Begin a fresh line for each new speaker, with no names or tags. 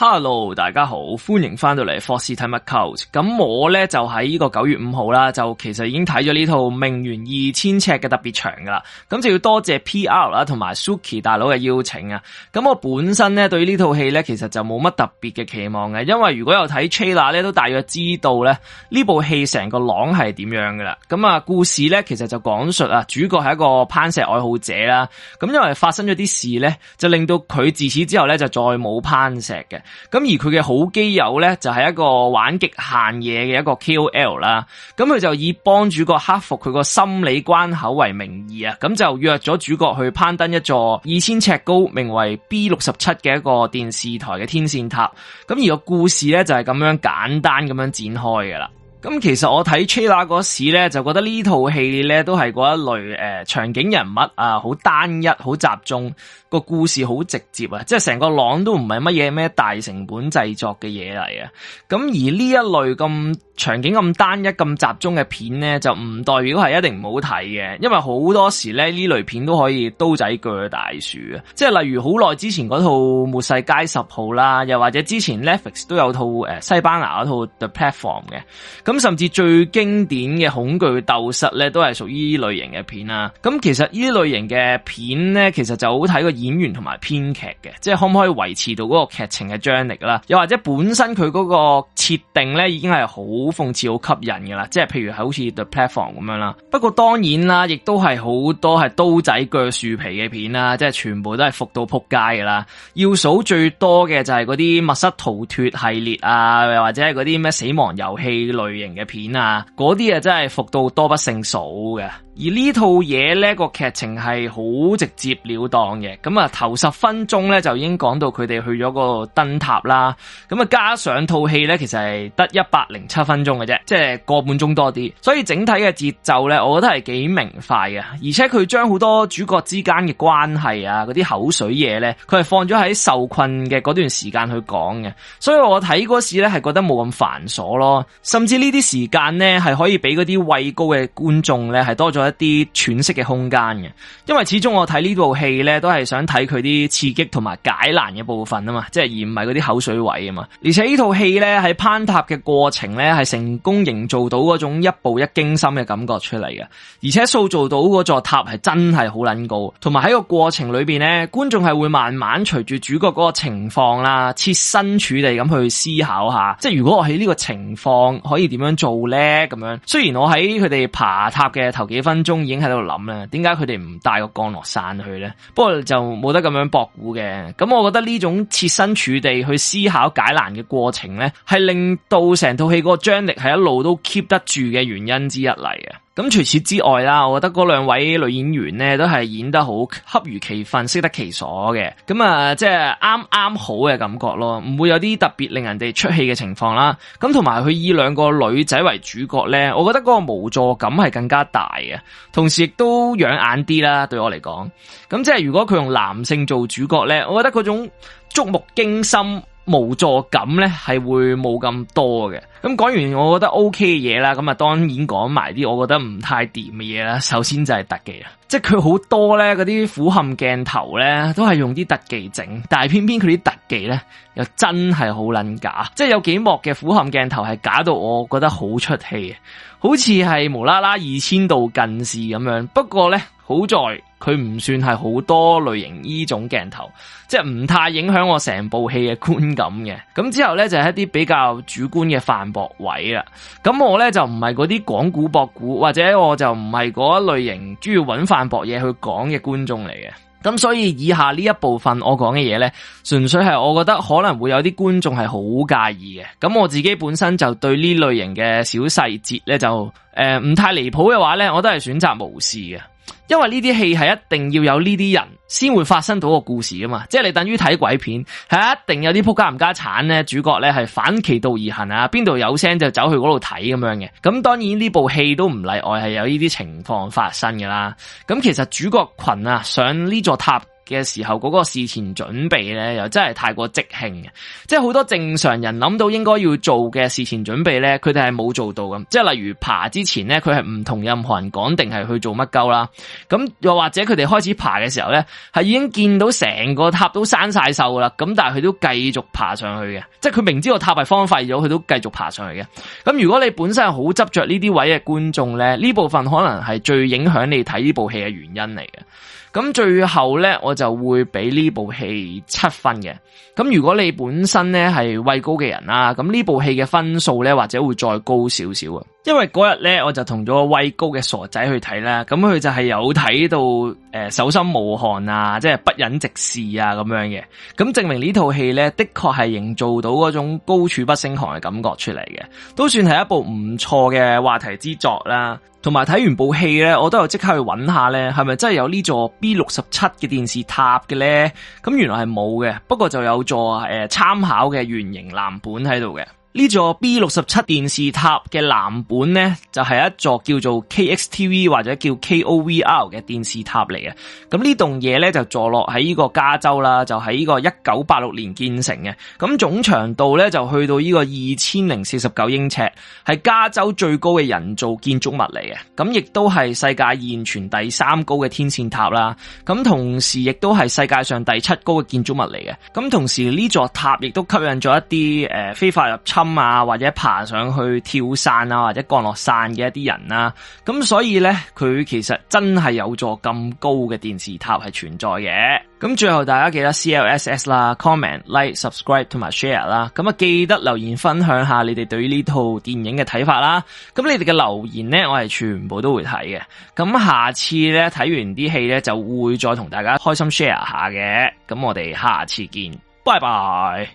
Hello 大家好，歡迎翻到嚟《霍士睇 c 球》，咁我呢就喺呢個九月五號啦，就其實已經睇咗呢套《命懸二千尺》嘅特別場噶啦，咁就要多謝，謝 PR 啦同埋 Suki 大佬嘅邀請啊，咁我本身呢對呢套戲呢，其實就冇乜特別嘅期望嘅，因為如果有睇 c h a n l a 都大約知道呢呢部戲成個朗係點樣噶啦，咁啊故事呢，其實就講述啊主角係一個攀石愛好者啦，咁因為發生咗啲事呢，就令到佢自此之後呢，就再冇攀石嘅。咁而佢嘅好基友呢，就係一個玩極限嘢嘅一個 KOL 啦。咁佢就以幫主角克服佢個心理關口為名義啊，咁就約咗主角去攀登一座二千尺高，名為 B 六十七嘅一個電視台嘅天線塔。咁而個故事呢，就係咁樣簡單咁樣展開噶啦。咁其實我睇《Chyna》嗰時咧，就覺得戲呢套戲咧都係嗰一類誒、呃，場景人物啊，好、呃、單一，好集中，個故事好直接啊，即係成個朗都唔係乜嘢咩大成本製作嘅嘢嚟啊，咁而呢一類咁。場景咁單一咁集中嘅片呢，就唔代表係一定唔好睇嘅，因為好多時咧，呢類片都可以刀仔鋸大樹啊，即係例如好耐之前嗰套末世街十號啦，又或者之前 Netflix 都有套誒西班牙嗰套 The Platform 嘅，咁甚至最經典嘅恐懼鬥室呢，都係屬於呢類型嘅片啦。咁其實呢類型嘅片呢，其實就好睇個演員同埋編劇嘅，即係可唔可以維持到嗰個劇情嘅張力啦，又或者本身佢嗰個設定呢，已經係好。好諷刺，好吸引噶啦，即係譬如係好似 The Platform 咁樣啦。不過當然啦，亦都係好多係刀仔鋸樹皮嘅片啦，即係全部都係伏到撲街噶啦。要數最多嘅就係嗰啲密室逃脫系列啊，或者係嗰啲咩死亡遊戲類型嘅片啊，嗰啲啊真係伏到多不勝數嘅。而呢套嘢咧個劇情係好直接了當嘅，咁啊頭十分鐘咧就已經講到佢哋去咗個燈塔啦。咁啊加上套戲咧，其實係得一百零七分分鐘嘅啫，即係個半鐘多啲，所以整體嘅節奏呢，我覺得係幾明快嘅，而且佢將好多主角之間嘅關係啊，嗰啲口水嘢呢，佢係放咗喺受困嘅嗰段時間去講嘅，所以我睇嗰時呢，係覺得冇咁繁瑣咯，甚至呢啲時間呢，係可以俾嗰啲畏高嘅觀眾呢，係多咗一啲喘息嘅空間嘅，因為始終我睇呢部戲呢，都係想睇佢啲刺激同埋解難嘅部分啊嘛，即係而唔係嗰啲口水位啊嘛，而且呢套戲呢，喺攀塔嘅過程呢。係。成功營造到嗰種一步一驚心嘅感覺出嚟嘅，而且塑造到嗰座塔係真係好撚高，同埋喺個過程裏邊呢，觀眾係會慢慢隨住主角嗰個情況啦、啊，設身處地咁去思考下，即係如果我喺呢個情況可以點樣做呢？咁樣。雖然我喺佢哋爬塔嘅頭幾分鐘已經喺度諗啦，點解佢哋唔帶個降落傘去呢？不過就冇得咁樣博估嘅。咁我覺得呢種設身處地去思考解難嘅過程呢，係令到成套戲嗰個力係一路都 keep 得住嘅原因之一嚟嘅，咁除此之外啦，我覺得嗰兩位女演員呢都係演得好恰如其分、適得其所嘅，咁啊即係啱啱好嘅感覺咯，唔會有啲特別令人哋出戲嘅情況啦。咁同埋佢以兩個女仔為主角呢，我覺得嗰個無助感係更加大嘅，同時亦都養眼啲啦。對我嚟講，咁即係如果佢用男性做主角呢，我覺得嗰種觸目驚心。無助感呢係會冇咁多嘅。咁講完，我覺得 OK 嘅嘢啦，咁啊當然講埋啲我覺得唔太掂嘅嘢啦。首先就係特技啊。即係佢好多咧，嗰啲俯瞰鏡頭咧，都係用啲特技整，但係偏偏佢啲特技咧又真係好撚假，即係有幾幕嘅俯瞰鏡頭係假到我覺得好出戲啊，好似係無啦啦二千度近視咁樣。不過咧好在佢唔算係好多類型呢種鏡頭，即係唔太影響我成部戲嘅觀感嘅。咁之後咧就係、是、一啲比較主觀嘅范博位啦。咁我咧就唔係嗰啲講古博古或者我就唔係嗰一類型主要揾范淡薄嘢去講嘅觀眾嚟嘅，咁所以以下呢一部分我講嘅嘢咧，純粹係我覺得可能會有啲觀眾係好介意嘅，咁我自己本身就對呢類型嘅小細節咧，就誒唔、呃、太離譜嘅話咧，我都係選擇無視嘅。因為呢啲戲係一定要有呢啲人先會發生到個故事啊嘛，即係你等於睇鬼片，係一定有啲仆街冚家鏟咧，主角咧係反其道而行啊，邊度有聲就走去嗰度睇咁樣嘅。咁當然呢部戲都唔例外，係有呢啲情況發生噶啦。咁其實主角群啊上呢座塔。嘅時候，嗰個事前準備呢，又真係太過即興嘅，即係好多正常人諗到應該要做嘅事前準備呢，佢哋係冇做到咁。即係例如爬之前呢，佢係唔同任何人講，定係去做乜鳩啦。咁又或者佢哋開始爬嘅時候呢，係已經見到成個塔都生晒鏽啦。咁但係佢都繼續爬上去嘅，即係佢明知道個塔係荒廢咗，佢都繼續爬上去嘅。咁如果你本身係好執着呢啲位嘅觀眾呢，呢部分可能係最影響你睇呢部戲嘅原因嚟嘅。咁最後咧，我就會畀呢部戲七分嘅。咁如果你本身咧係畏高嘅人啦，咁呢部戲嘅分數咧，或者會再高少少啊。因為嗰日咧，我就同咗畏高嘅傻仔去睇啦，咁佢就係有睇到誒、呃、手心無汗啊，即係不忍直視啊咁樣嘅，咁證明呢套戲咧的確係營造到嗰種高處不勝寒嘅感覺出嚟嘅，都算係一部唔錯嘅話題之作啦。同埋睇完部戲咧，我都有即刻去揾下咧，係咪真係有呢座 B 六十七嘅電視塔嘅咧？咁原來係冇嘅，不過就有座誒、呃、參考嘅原型藍本喺度嘅。呢座 B 六十七電視塔嘅藍本呢，就係、是、一座叫做 KXTV 或者叫 KOVR 嘅電視塔嚟嘅。咁呢棟嘢呢，就坐落喺呢個加州啦，就喺呢個一九八六年建成嘅。咁總長度呢，就去到呢個二千零四十九英尺，係加州最高嘅人造建築物嚟嘅。咁亦都係世界現存第三高嘅天線塔啦。咁同時亦都係世界上第七高嘅建築物嚟嘅。咁同時呢座塔亦都吸引咗一啲誒、呃、非法入侵。啊，或者爬上去跳傘啊，或者降落傘嘅一啲人啦，咁所以咧，佢其實真係有座咁高嘅電視塔係存在嘅。咁最後大家記得 CLSS 啦，comment、like、subscribe 同埋 share 啦。咁啊，記得留言分享下你哋對於呢套電影嘅睇法啦。咁你哋嘅留言咧，我係全部都會睇嘅。咁下次咧睇完啲戲咧，就會再同大家開心 share 下嘅。咁我哋下次見，拜拜。